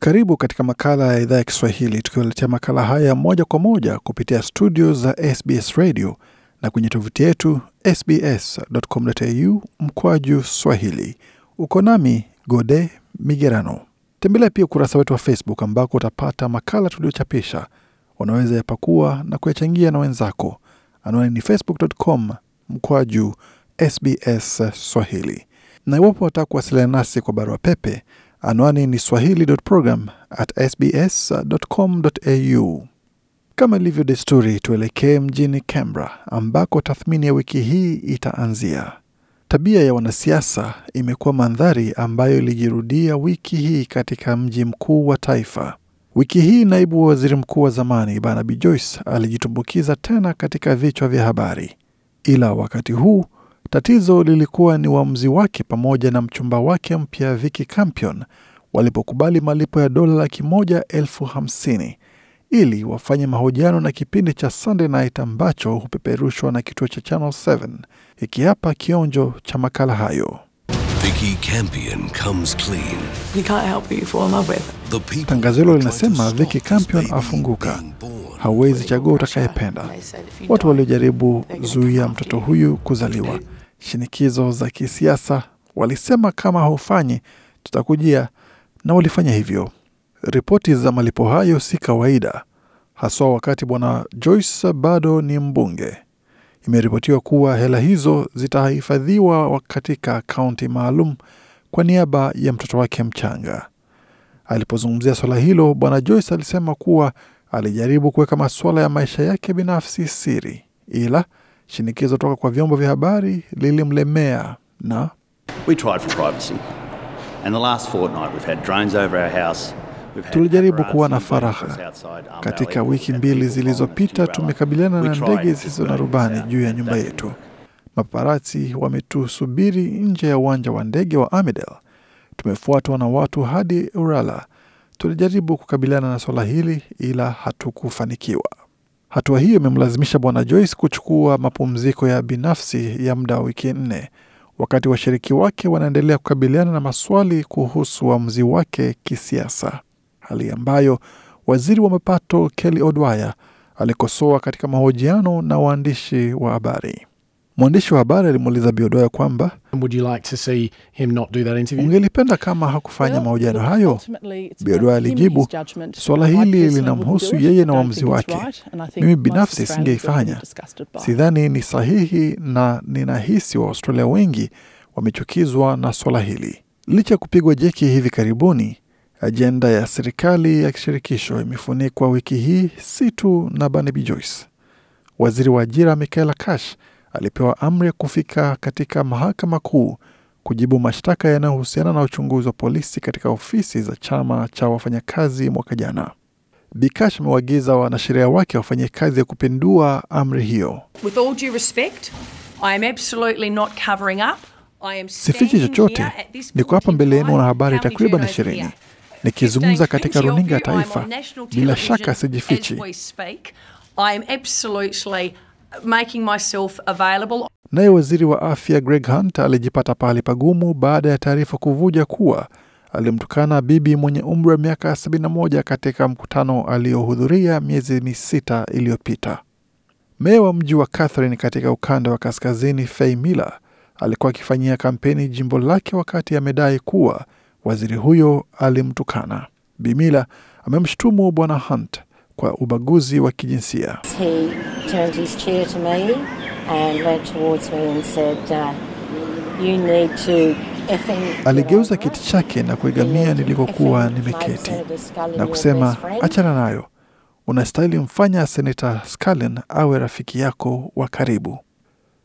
Karibu katika makala ya idhaa ya Kiswahili, tukiwaletea makala haya moja kwa moja kupitia studio za SBS Radio na kwenye tovuti yetu sbs.com.au mkwaju swahili. Uko nami Gode Migerano. Tembelea pia ukurasa wetu wa Facebook ambako utapata makala tuliochapisha. Unaweza yapakua na kuyachangia na wenzako. Anwani ni facebook.com mkwaju sbs swahili. Na iwapo wataka kuwasiliana nasi kwa barua pepe Anwani ni swahili.program@sbs.com.au. Kama ilivyo desturi, tuelekee mjini Canberra ambako tathmini ya wiki hii itaanzia. Tabia ya wanasiasa imekuwa mandhari ambayo ilijirudia wiki hii katika mji mkuu wa taifa. Wiki hii naibu waziri mkuu wa zamani Barnaby Joyce alijitumbukiza tena katika vichwa vya habari, ila wakati huu Tatizo lilikuwa ni uamuzi wake pamoja na mchumba wake mpya Vicky Campion walipokubali malipo ya dola laki moja elfu hamsini ili wafanye mahojiano na kipindi cha Sunday Night ambacho hupeperushwa na kituo cha Channel 7. Hiki hapa kionjo cha makala hayo. Tangazo hilo linasema Vicky Campion afunguka, hauwezi chagua utakayependa. Watu waliojaribu zuia mtoto huyu kuzaliwa shinikizo za kisiasa. Walisema kama haufanyi tutakujia, na walifanya hivyo. Ripoti za malipo hayo si kawaida, haswa wakati bwana Joyce bado ni mbunge. Imeripotiwa kuwa hela hizo zitahifadhiwa katika akaunti maalum kwa niaba ya mtoto wake mchanga. Alipozungumzia swala hilo, bwana Joyce alisema kuwa alijaribu kuweka masuala ya maisha yake binafsi siri, ila Shinikizo toka kwa vyombo vya habari lilimlemea na tulijaribu kuwa na faraha Katika wiki mbili zilizopita, tumekabiliana na ndege zisizo na rubani juu ya nyumba yetu. Maparati wametusubiri nje ya uwanja wa ndege wa Amidel. Tumefuatwa na watu hadi Urala. Tulijaribu kukabiliana na swala hili, ila hatukufanikiwa. Hatua hiyo imemlazimisha Bwana Joyce kuchukua mapumziko ya binafsi ya muda wa wiki nne, wakati washiriki wake wanaendelea kukabiliana na maswali kuhusu uamuzi wa wake kisiasa, hali ambayo waziri wa mapato Kelly Odwaya alikosoa katika mahojiano na waandishi wa habari. Mwandishi wa habari alimuuliza Biodoya kwamba like ungelipenda kama hakufanya well, mahojiano hayo. Biodoya alijibu, suala hili linamhusu yeye na uamuzi wake. Right, mimi binafsi singeifanya, sidhani ni sahihi, na ninahisi Waaustralia wengi wamechukizwa na suala hili. Licha ya kupigwa jeki hivi karibuni, ajenda ya serikali ya kishirikisho imefunikwa wiki hii si tu na Barnaby Joyce. Waziri wa ajira Michaela Cash alipewa amri ya kufika katika mahakama kuu kujibu mashtaka yanayohusiana na uchunguzi wa polisi katika ofisi za chama cha wafanyakazi mwaka jana. Bikash amewaagiza wanasheria wake wafanye kazi ya kupindua amri hiyo. Sifichi chochote, niko hapa mbele yenu habari takriban ishirini nikizungumza katika runinga ya taifa. Bila shaka sijifichi making myself available. Naye waziri wa afya Greg Hunt alijipata pahali pagumu baada ya taarifa kuvuja kuwa alimtukana bibi mwenye umri wa miaka 71 katika mkutano aliyohudhuria miezi misita iliyopita. Meya wa mji wa Catherine katika ukanda wa kaskazini Fay Miller alikuwa akifanyia kampeni jimbo lake wakati amedai kuwa waziri huyo alimtukana. Bimila amemshutumu bwana Hunt kwa ubaguzi wa kijinsia. Uh, Aligeuza kiti chake na kuegamia nilikokuwa nimeketi na kusema, achana nayo, unastahili mfanya Senata scalin awe rafiki yako wa karibu.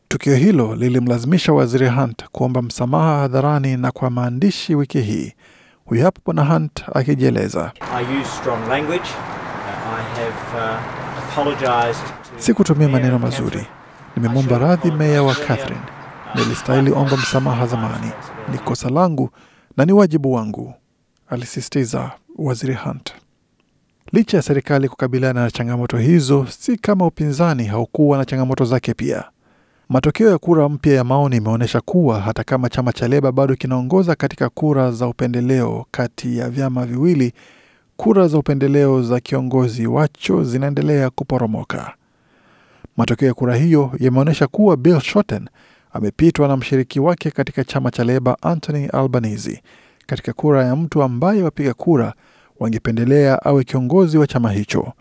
Tukio hilo lilimlazimisha waziri Hunt kuomba msamaha hadharani na kwa maandishi wiki hii. Huyu hapa bwana Hunt akijieleza. Uh, Sikutumia maneno mazuri. Nimemwomba radhi meya wa Catherine. Nilistahili omba msamaha zamani, ni kosa langu na ni wajibu wangu, alisisitiza waziri Hunt. Licha ya serikali kukabiliana na changamoto hizo, si kama upinzani haukuwa na changamoto zake pia. Matokeo ya kura mpya ya maoni imeonyesha kuwa hata kama chama cha Leba bado kinaongoza katika kura za upendeleo kati ya vyama viwili kura za upendeleo za kiongozi Wacho zinaendelea kuporomoka. Matokeo ya kura hiyo yameonyesha kuwa Bill Shorten amepitwa na mshiriki wake katika chama cha Leba Anthony Albanese katika kura ya mtu ambaye wapiga kura wangependelea awe kiongozi wa chama hicho.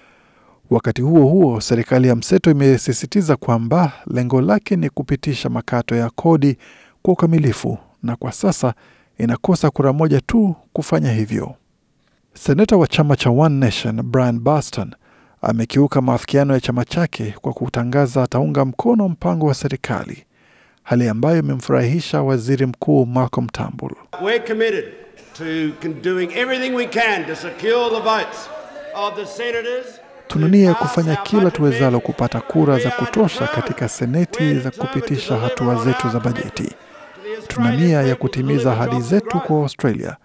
Wakati huo huo, serikali ya mseto imesisitiza kwamba lengo lake ni kupitisha makato ya kodi kwa ukamilifu, na kwa sasa inakosa kura moja tu kufanya hivyo. Seneta wa chama cha One Nation Brian Baston amekiuka maafikiano ya chama chake kwa kutangaza ataunga mkono mpango wa serikali, hali ambayo imemfurahisha waziri mkuu Malcolm Turnbull. Tuna nia ya kufanya kila tuwezalo kupata kura za kutosha katika seneti za kupitisha hatua zetu za bajeti. Tuna nia ya kutimiza ahadi zetu kwa Australia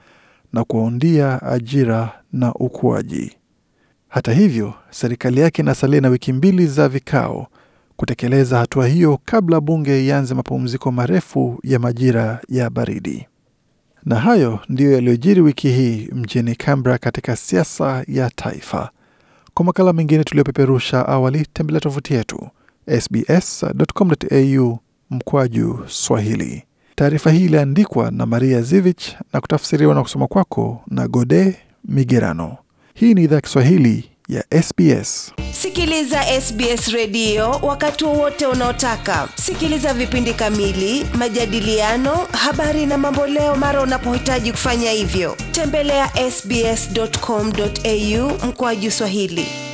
na kuwaundia ajira na ukuaji. Hata hivyo, serikali yake inasalia na wiki mbili za vikao kutekeleza hatua hiyo kabla bunge ianze mapumziko marefu ya majira ya baridi. Na hayo ndiyo yaliyojiri wiki hii mjini Canberra katika siasa ya taifa. Kwa makala mengine tuliyopeperusha awali, tembelea tovuti yetu sbs.com.au mkwaju Swahili. Taarifa hii iliandikwa na Maria Zivich na kutafsiriwa na kusoma kwako na Gode Migerano. Hii ni idhaa Kiswahili ya SBS. Sikiliza SBS redio wakati wowote unaotaka. Sikiliza vipindi kamili, majadiliano, habari na mamboleo mara unapohitaji kufanya hivyo. Tembelea ya sbs.com.au mkoaji Swahili.